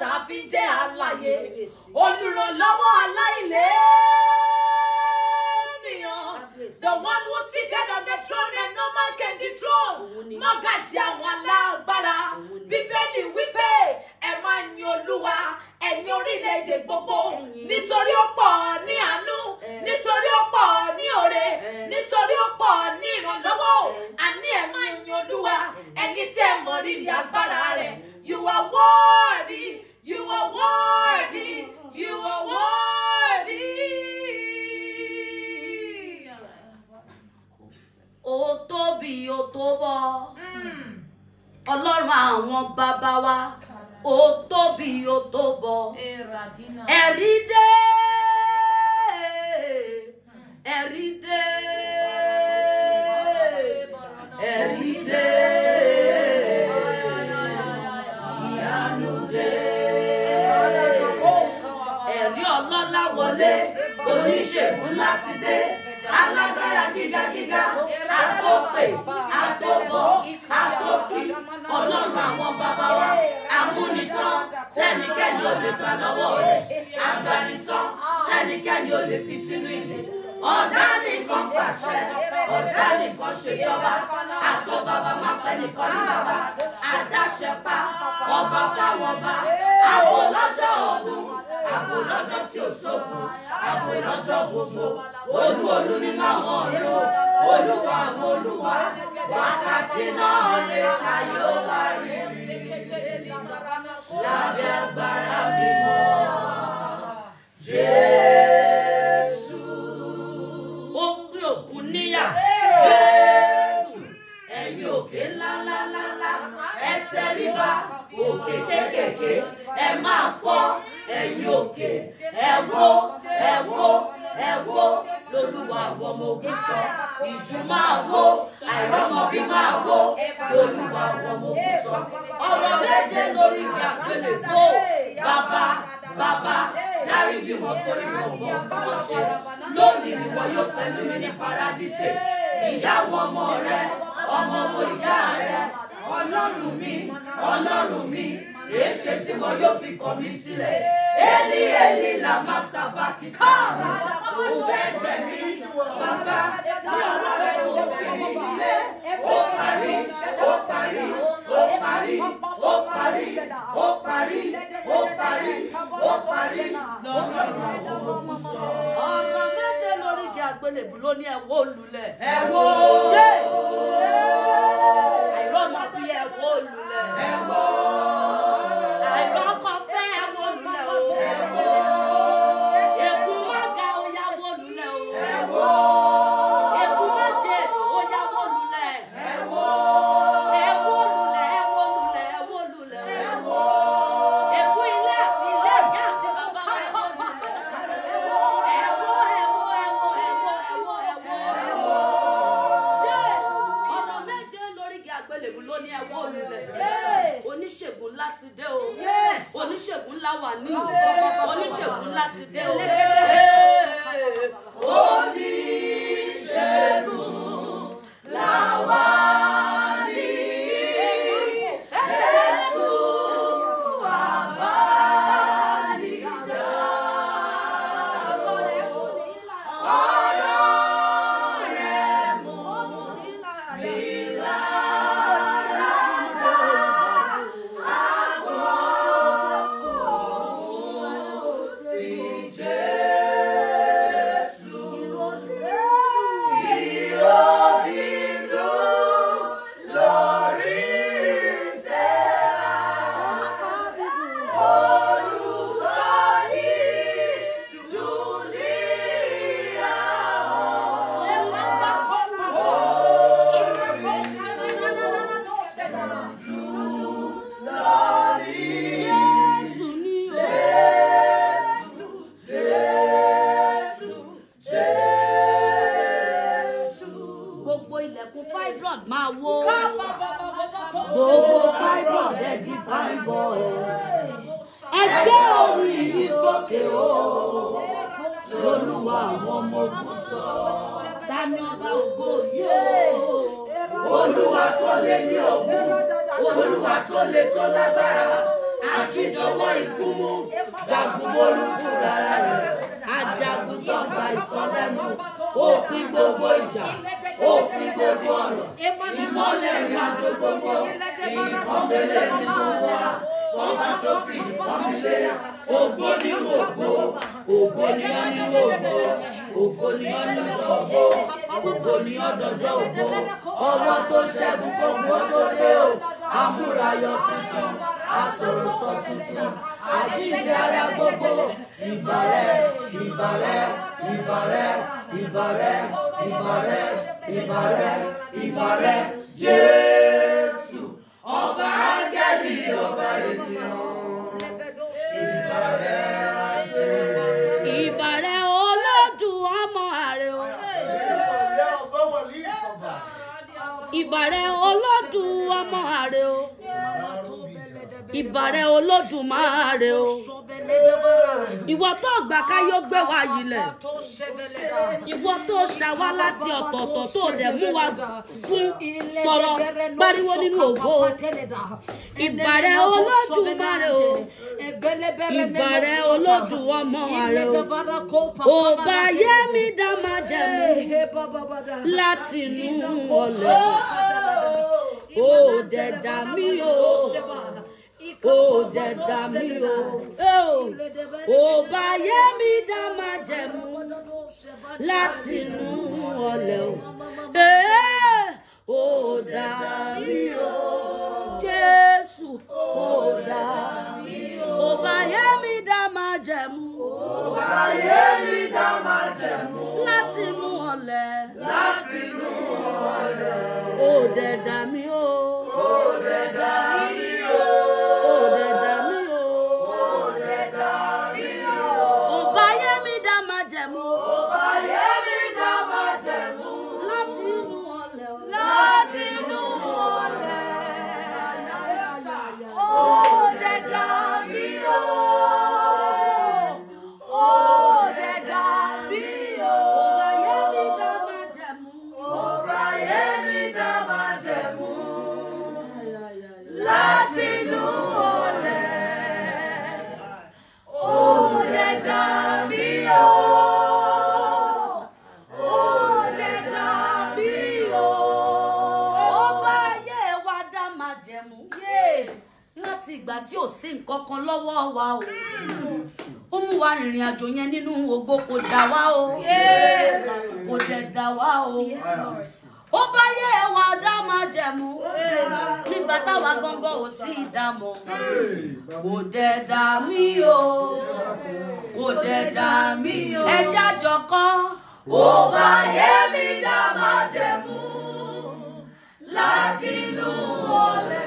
tá fi jẹ́ aláyé olùrànlọ́wọ́ aláìlẹ́nìyàn the one who seated on the throne and no man can dethrone mọ́gàjí àwọn alágbára bíbélì wípé ẹ máa yin olúwa ẹ̀yin orílẹ̀-èdè gbogbo nítorí ó pọ̀ ní àánú nítorí ó pọ̀ ní òre nítorí ó pọ̀ ní ìrànlọ́wọ́ àní ẹ máa yin olúwa ẹ̀yin tí ẹ mọ̀ rírì agbára rẹ̀. You are worthy. You are worthy. You are worthy. Ó tóbi, ó tóbọ̀. Ọlọ́run àwọn bàbá wa. Ó tóbi, ó tóbọ̀. Ẹ̀rí ti dé alágbára gígagíga àtòpè àtòbọ̀ àtòkì ọlọ́run àwọn bàbá wa amúnitán tẹ́nikẹ́ni ò lè gbà lọ́wọ́ rẹ̀ agbanitán tẹ́nikẹ́ni ò lè fi sínú ìdè ọ̀dà nìkan pàṣẹ ọ̀dà nìkan ṣèjọba àtọ bàbá máa pẹ́ nìkan ní bàbá àdáṣẹ pa ọba fáwọn ọba àbò lọ́jọ́ ogun àbò lọ́jọ́ tí ò sóbò ìrọ́jọ́ gbogbo olú olú nínú àwọn ọ̀rẹ́ o olúwa àwọn olúwa wákàtí náà lè ta yóò bá rí rí lábẹ́ agbára mímọ́ jésù. ó pé òkun níyà jésù ẹ̀yin òkè ńláńláńlá ẹ tẹríba òkè kékèké ẹ máa fọ́ ẹ̀yin òkè ẹ wó ẹ wò ẹ wò lolúwa àwọn ọmọ ogun sọ ìṣú máa wò àìrọ́mọbí máa wò lolúwa àwọn ọmọ ogun sọ ọ̀rọ̀ méje lórí ìgbà pẹ̀lẹ́ kó bàbá bàbá dáríjì wọn torí wọn mọ ohun tí wọn ṣe lónìí ni wọn yóò pẹ̀lú mi ní paradíṣe ìyàwó ọmọ rẹ ọmọ ọmọ ìyá rẹ ọlọ́run mi ọlọ́run mi èéṣe tí wọn yóò fi kọ̀ mí sílẹ̀. Eli Eli lama sabakitana. Òbẹ̀gbẹ̀ mi bàbá ní ọ̀rọ̀ rẹ̀ ṣòfin ìdílé. O parí, O parí, O parí, O parí, O parí, O parí, O parí. O ìràwọ̀ O fún sọ. Ọ̀rọ̀ méje lórí igi àgbélébùú ló ní ẹ̀wọ́ olùlẹ̀. Ẹ̀wọ́. fibroid máa wó. gbogbo fibroid ẹ di fine boy. ẹgbẹ́ orí yìí sókè o. lolúwa àwọn ọmọ ogun sọ. tani ọba ògbó yóò. olúwa tó lé ní ogun. olúwa tó lé tó lágbára. àti ìṣọwọ́ ikú mú. jagun bólú fúnra rẹ̀. ajagun tó gba ìsọlẹ́nu. ó pín gbogbo ìjà òpin gbogbo ọ̀rọ̀ ìmọ́lẹ̀ ìrìnàjò gbogbo ìkọ́mẹ́lẹ̀ ní fi ìkọ́mẹ́lẹ̀ ògbó ni ògbó ògbó ni ọ́nìwó ògbó ògbó ni ọ́dọ̀jọ́ ògbó ògbó ni ọ́dọ̀jọ́ ògbó ọwọ́ tó ṣẹ́gun gbogbo tó dé o amúrayọ tuntun asọ̀rọ̀sọ tuntun àjíǹde ara gbogbo ìbàrẹ̀ ìbàrẹ̀ ìbàrẹ̀ ìbàrẹ̀ ìbàrẹ̀ ìbà rẹ ìbà rẹ Jésù ọba áńgẹ́lì ọba ènìyàn ìbà rẹ àṣẹ. ìbà o. ìbà rẹ olódùn ọmọ o. ìbà rẹ mare o ìwọ tó gbà ká yóò gbé wa yìí lẹ̀ ìwọ tó ṣàwá láti ọ̀tọ̀ọ̀tọ̀ tó dẹ̀ mú wa fún sọ̀rọ̀ pariwo nínú ògo ìbàrẹ̀ olódùmarè o ìbàrẹ̀ olódùọmọ rẹ o ọba yẹmi dá máa jẹmu láti inú ọlẹ o dẹ̀ dá mi o kò dẹ̀ dà mí o ò bá yé mi dá máa jẹ̀mú láti inú ọ̀lẹ̀ o ò dà mí o Jésù ò dà mí o ò bá yé mi dá máa jẹ̀mú ò bá yé mi dá máa jẹ̀mú láti inú ọ̀lẹ̀ láti inú ọ̀lẹ̀ ò dẹ̀ dà mí o. àánú láti ìgbà tí ò sí nǹkan kan lọ́wọ́ wa o ó mú wa rìnrìn àjò yẹn nínú ògo kò dà wá o kò dẹ̀ dà wá o ó bá yé ẹwà ọdá máa jẹmu nígbà táwa gángan ò sí ìdààmú kò dẹ̀ dà mí o kò dẹ̀ dà mí o ẹjẹ́ àjọkọ́ ó bá yé mi dá máa jẹmu láti inú olè.